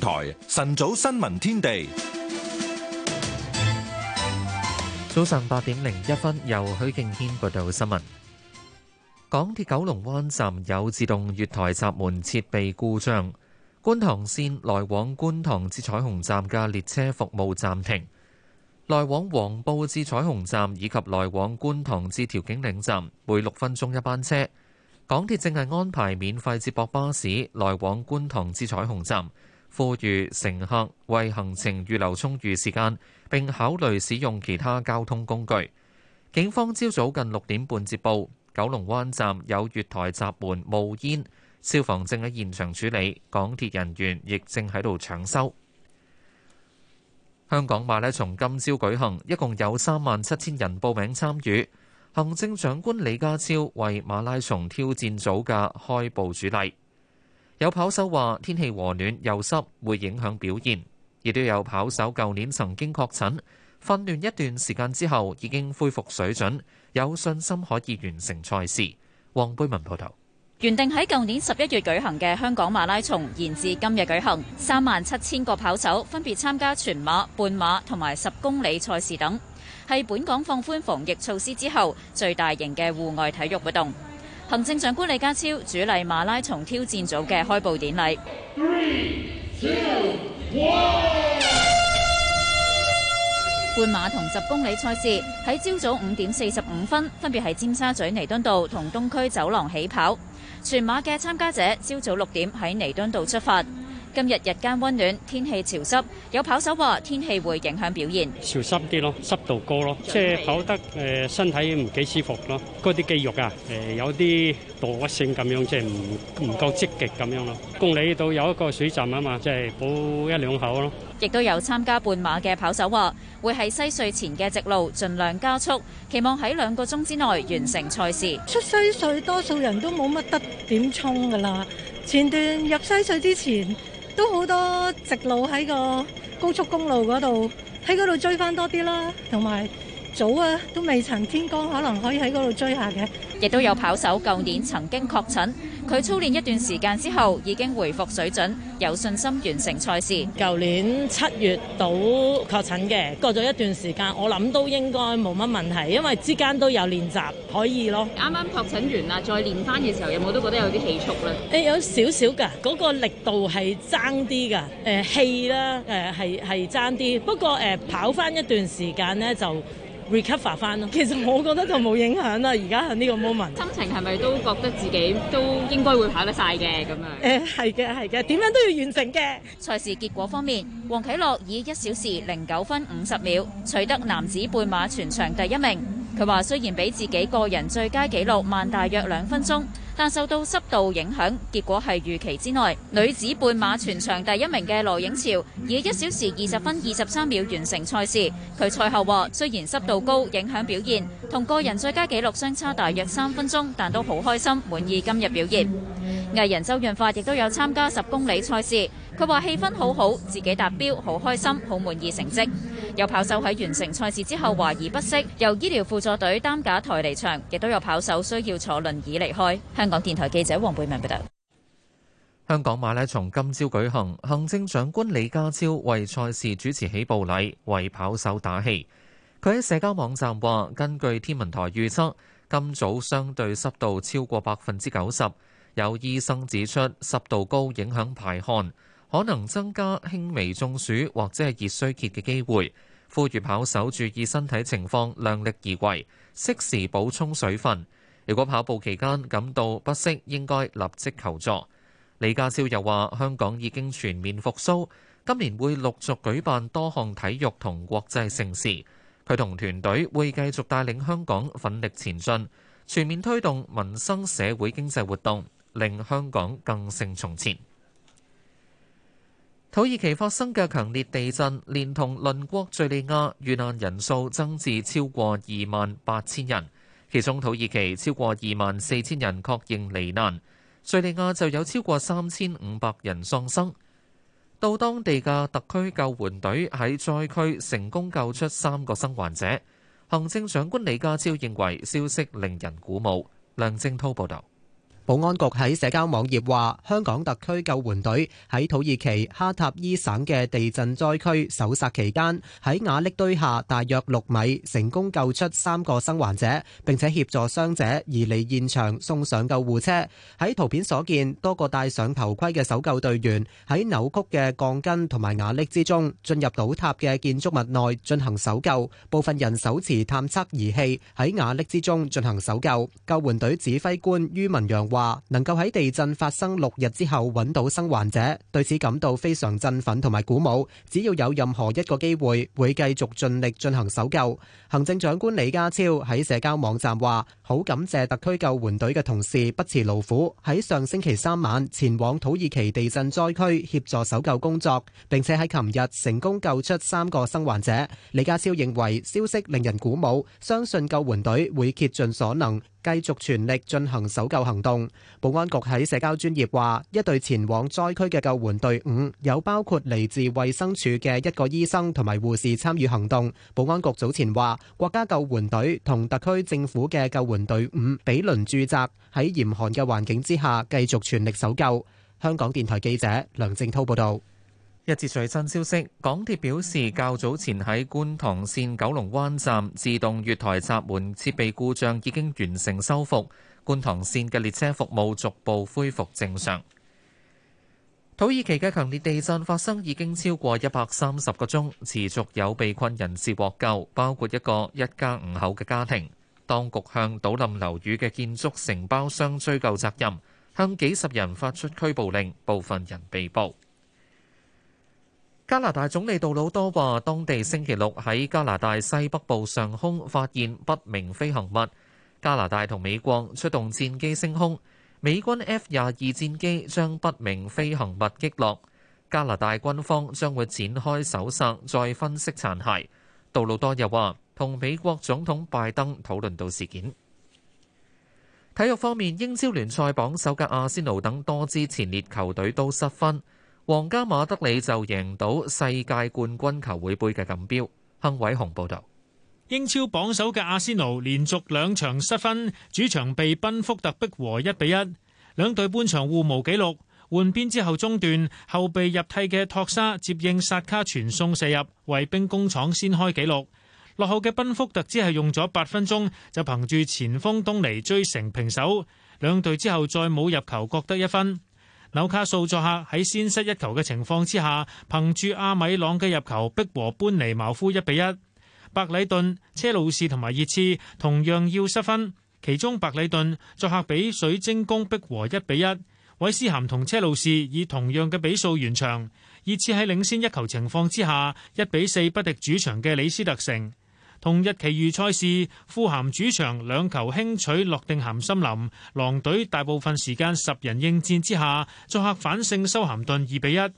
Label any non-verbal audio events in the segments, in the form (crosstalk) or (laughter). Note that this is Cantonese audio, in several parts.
台晨早新聞天地，早上八點零一分，由許敬軒報道新聞。港鐵九龍灣站有自動月台閘門設備故障，觀塘綫來往觀塘至彩虹站嘅列車服務暫停，來往黃埔至彩虹站以及來往觀塘至調景嶺站，每六分鐘一班車。港鐵正係安排免費接駁巴士來往觀塘至彩虹站。呼籲乘客為行程預留充裕時間，並考慮使用其他交通工具。警方朝早近六點半接報，九龍灣站有月台閘門冒煙，消防正喺現場處理，港鐵人員亦正喺度搶修。香港馬拉松今朝舉行，一共有三萬七千人報名參與。行政長官李家超為馬拉松挑戰組嘅開步主禮。有跑手話：天氣和暖又濕，會影響表現。亦都有跑手舊年曾經確診，訓練一段時間之後已經恢復水準，有信心可以完成賽事。黃貝文報道，原定喺舊年十一月舉行嘅香港馬拉松延至今日舉行，三萬七千個跑手分別參加全馬、半馬同埋十公里賽事等，係本港放寬防疫措施之後最大型嘅戶外體育活動。行政長官李家超主禮馬拉松挑戰組嘅開步典禮。三、二、一！半馬同十公里賽事喺朝早五點四十五分分別喺尖沙咀彌敦道同東區走廊起跑，全馬嘅參加者朝早六點喺彌敦道出發。今日日間温暖，天氣潮濕，有跑手話天氣會影響表現。潮濕啲咯，濕度高咯，即係跑得誒、呃、身體唔幾舒服咯。嗰啲肌肉啊，誒、呃、有啲惰性咁樣，即係唔唔夠積極咁樣咯。公里度有一個水站啊嘛，即係補一兩口咯。亦都有參加半馬嘅跑手話，會喺西隧前嘅直路盡量加速，期望喺兩個鐘之內完成賽事。出西隧多數人都冇乜得點衝㗎啦。前段入西隧之前。都好多直路喺個高速公路嗰度，喺嗰度追翻多啲啦，同埋。早啊，都未曾天光，可能可以喺嗰度追下嘅。亦都有跑手，舊年曾經確診，佢操練一段時間之後已經回復水準，有信心完成賽事。舊年七月到確診嘅，過咗一段時間，我諗都應該冇乜問題，因為之間都有練習，可以咯。啱啱確診完啦，再練翻嘅時候，有冇都覺得有啲氣促咧？誒，有少少㗎，嗰個力度係爭啲㗎。誒氣啦，誒係係爭啲。不過誒跑翻一段時間咧就。recover 翻咯，其實我覺得就冇影響啦。而家喺呢個 moment，心情係咪都覺得自己都應該會跑得晒嘅咁樣？誒係嘅係嘅，點樣都要完成嘅。賽事結果方面，黃啟樂以一小時零九分五十秒取得男子半馬全場第一名。佢話雖然比自己個人最佳紀錄慢大約兩分鐘。但受到濕度影響，結果係預期之內。女子半馬全場第一名嘅羅影朝以一小時二十分二十三秒完成賽事。佢賽後話：雖然濕度高影響表現，同個人最佳紀錄相差大約三分鐘，但都好開心滿意今日表現。藝人周潤發亦都有參加十公里賽事，佢話氣氛好好，自己達標好開心，好滿意成績。有跑手喺完成賽事之後懷疑不適，由醫療輔助隊擔架抬離場，亦都有跑手需要坐輪椅離開。香港電台記者黃貝明報道。香港馬拉松今朝舉行，行政長官李家超為賽事主持起步禮，為跑手打氣。佢喺社交網站話，根據天文台預測，今早相對濕度超過百分之九十，有醫生指出濕度高影響排汗。可能增加輕微中暑或者係熱衰竭嘅機會，呼籲跑手注意身體情況，量力而為，適時補充水分。如果跑步期間感到不適，應該立即求助。李家超又話：香港已經全面復甦，今年會陸續舉辦多項體育同國際盛事。佢同團隊會繼續帶領香港奮力前進，全面推動民生社會經濟活動，令香港更勝從前。土耳其發生嘅強烈地震，連同鄰國敍利亞，遇難人數增至超過二萬八千人，其中土耳其超過二萬四千人確認罹難，敍利亞就有超過三千五百人喪生。到當地嘅特區救援隊喺災區成功救出三個生還者。行政長官李家超認為消息令人鼓舞。梁正滔報導。保安局喺社交網頁話，香港特區救援隊喺土耳其哈塔伊省嘅地震災區搜殺期間，喺瓦礫堆下大約六米成功救出三個生還者，並且協助傷者移離現場送上救護車。喺圖片所見，多個戴上頭盔嘅搜救隊員喺扭曲嘅鋼筋同埋瓦礫之中進入倒塌嘅建築物內進行搜救，部分人手持探測儀器喺瓦礫之中進行搜救。救援隊指揮官于文陽。話能夠喺地震發生六日之後揾到生還者，對此感到非常振奮同埋鼓舞。只要有任何一個機會，會繼續盡力進行搜救。行政長官李家超喺社交網站話：好感謝特區救援隊嘅同事不辭勞苦喺上星期三晚前往土耳其地震災區協助搜救工作，並且喺琴日成功救出三個生還者。李家超認為消息令人鼓舞，相信救援隊會竭盡所能，繼續全力進行搜救行動。保安局喺社交專業話，一隊前往災區嘅救援隊伍有包括嚟自衛生署嘅一個醫生同埋護士參與行動。保安局早前話，國家救援隊同特區政府嘅救援隊伍比輪駐紮喺嚴寒嘅環境之下，繼續全力搜救。香港電台記者梁正濤報道。一節最新消息，港鐵表示，較早前喺觀塘綫九龍灣站自動月台閘門設備故障已經完成修復，觀塘綫嘅列車服務逐步恢復正常。土耳其嘅強烈地震發生已經超過一百三十個鐘，持續有被困人士獲救，包括一個一家五口嘅家庭。當局向倒冧樓宇嘅建築承包商追究責任，向幾十人發出拘捕令，部分人被捕。加拿大總理杜魯多話，當地星期六喺加拿大西北部上空發現不明飛行物。加拿大同美國出動戰機昇空，美軍 F 廿二戰機將不明飛行物擊落。加拿大軍方將會展開搜索，再分析殘骸。杜魯多又話，同美國總統拜登討論到事件。體育方面，英超聯賽榜首嘅阿仙奴等多支前列球隊都失分。皇家馬德里就贏到世界冠軍球會杯嘅錦標。亨偉雄報道，英超榜首嘅阿仙奴連續兩場失分，主場被賓福特逼和一比一，兩隊半場互無紀錄。換邊之後中段，後備入替嘅托沙接應薩卡傳送射入，為兵工廠先開紀錄。落後嘅賓福特只係用咗八分鐘，就憑住前鋒東尼追成平手。兩隊之後再冇入球，各得一分。紐卡素作客喺先失一球嘅情況之下，憑住阿米朗嘅入球逼和般尼茅夫一比一。白里頓、車路士同埋熱刺同樣要失分，其中白里頓作客比水晶宮逼和一比一。韋斯咸同車路士以同樣嘅比數完場，熱刺喺領先一球情況之下一比四不敵主場嘅李斯特城。同日其餘賽事，富咸主場兩球輕取落定咸森林，狼隊大部分時間十人應戰之下，作客反勝修咸頓二比一。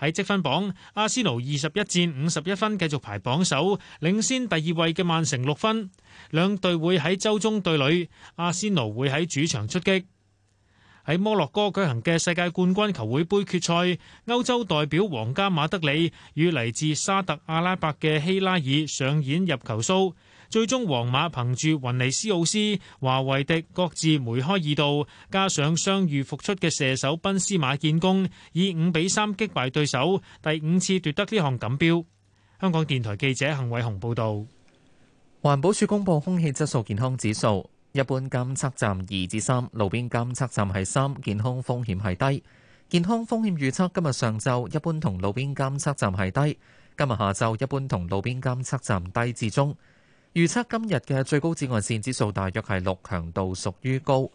喺積分榜，阿仙奴二十一戰五十一分繼續排榜首，領先第二位嘅曼城六分。兩隊會喺周中對壘，阿仙奴會喺主場出擊。喺摩洛哥舉行嘅世界冠軍球會杯決賽，歐洲代表皇家馬德里與嚟自沙特阿拉伯嘅希拉爾上演入球 show，最終皇馬憑住雲尼斯奧斯、華維迪、各自梅開二度，加上傷愈復出嘅射手賓斯馬建功，以五比三擊敗對手，第五次奪得呢項錦標。香港電台記者幸偉雄報道。環保署公布空氣質素健康指數。一般監測站二至三，路邊監測站係三，健康風險係低。健康風險預測今日上晝一般同路邊監測站係低，今日下晝一般同路邊監測站低至中。預測今日嘅最高紫外線指數大約係六，強度屬於高。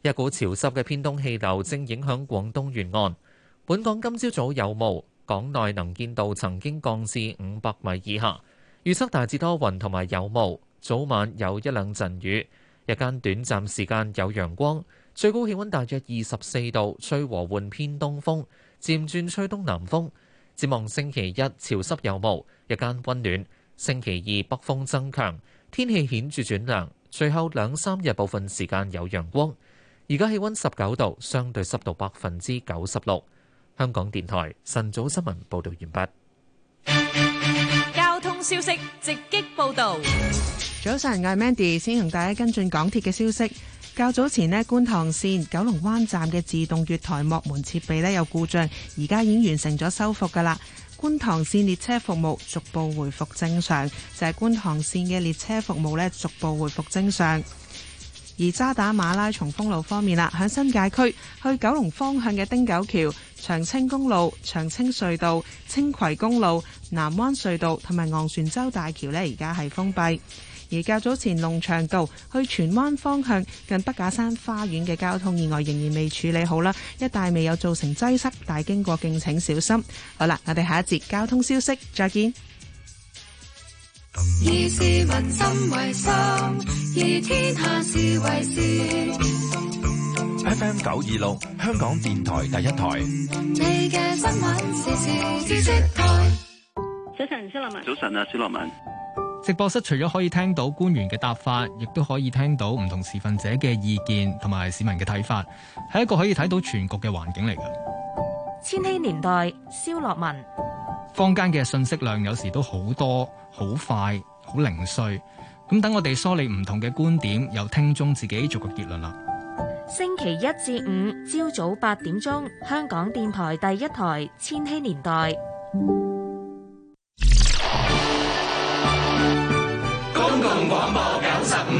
一股潮濕嘅偏東氣流正影響廣東沿岸，本港今朝早有霧，港內能見度曾經降至五百米以下，預測大致多雲同埋有霧。早晚有一兩陣雨，日間短暫時間有陽光，最高氣溫大約二十四度，吹和緩偏東風，漸轉吹東南風。展望星期一潮濕有霧，日間溫暖；星期二北風增強，天氣顯著轉涼。最後兩三日部分時間有陽光。而家氣溫十九度，相對濕度百分之九十六。香港電台晨早新聞報道完畢。交通消息直擊報道。早晨，我係 Mandy，先同大家跟進港鐵嘅消息。較早前呢，觀塘線九龍灣站嘅自動月台幕門設備呢有故障，而家已經完成咗修復噶啦。觀塘線列車服務逐步回復正常，就係觀塘線嘅列車服務呢逐步回復正常。而渣打馬拉松封路方面啦，喺新界區去九龍方向嘅汀九橋、長青公路、長青隧道、青葵公路、南灣隧道同埋昂船洲大橋呢，而家係封閉。而較早前龍翔道去荃灣方向近畢架山花園嘅交通意外仍然未處理好啦，一帶未有造成擠塞，但經過敬請小心。好啦，我哋下一節交通消息再見。以市民心為心，以天下事為事。FM 九二六，香港電台第一台。你嘅新聞時事知識台。早晨，小樂文。早晨啊，小樂文。直播室除咗可以聽到官員嘅答法，亦都可以聽到唔同持分者嘅意見同埋市民嘅睇法，係一個可以睇到全局嘅環境嚟嘅。千禧年代，肖樂文。坊間嘅信息量有時都好多、好快、好零碎，咁等我哋梳理唔同嘅觀點，由聽眾自己做個結論啦。星期一至五朝早八點鐘，香港電台第一台《千禧年代》。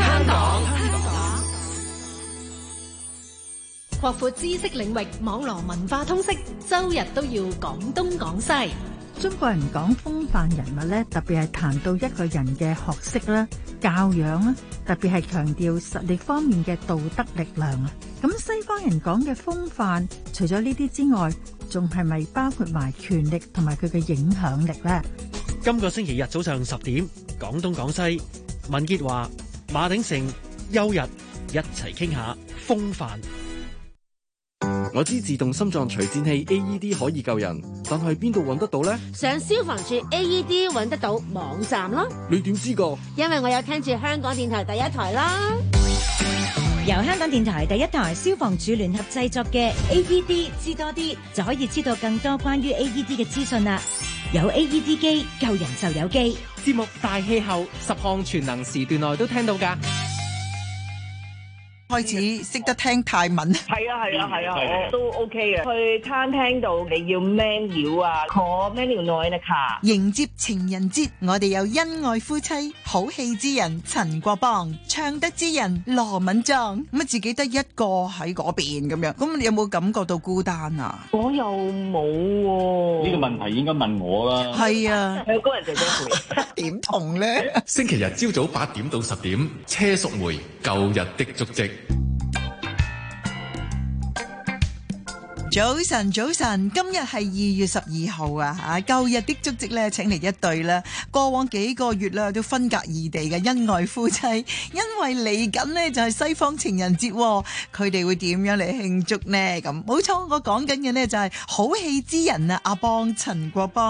香港，香港，擴闊知識領域，網絡文化通識，週日都要廣東廣西。中國人講風範人物咧，特別係談到一個人嘅學識啦、教養啦，特別係強調實力方面嘅道德力量啊。咁西方人講嘅風範，除咗呢啲之外，仲係咪包括埋權力同埋佢嘅影響力咧？今個星期日早上十點，廣東廣西，文潔華。馬鼎盛休日一齊傾下風帆。我知自動心臟除顫器 AED 可以救人，但係邊度揾得到呢？上消防處 AED 揾得到網站咯。你點知噶？因為我有聽住香港電台第一台啦。由香港電台第一台消防處聯合製作嘅 AED 知多啲，就可以知道更多關於 AED 嘅資訊啦。有 AED 機救人就有機，節目大氣候十項全能時段內都聽到噶。開始識得聽泰文，係啊，係啊，係啊，我都 OK 嘅。去餐廳度你要 menu 啊，call menu 奈奈卡。迎接情人節，我哋有恩愛夫妻，好戲之人陳國邦，唱得之人羅敏莊。咁啊、嗯，自己得一個喺嗰邊咁樣，咁你有冇感覺到孤單啊？我又冇喎、啊。呢個問題應該問我啦。係啊，一個人嚟到點同咧？ (laughs) 星期日朝早八點到十點，車淑梅，舊日的足跡。早晨，早晨，今日係二月十二號啊。吓，舊日的足跡咧，請嚟一對啦。過往幾個月啦，都分隔異地嘅恩愛夫妻，因為嚟緊呢就係西方情人節，佢哋會點樣嚟慶祝呢？咁，冇錯，我講緊嘅呢就係好戲之人啊！阿邦、陳國邦。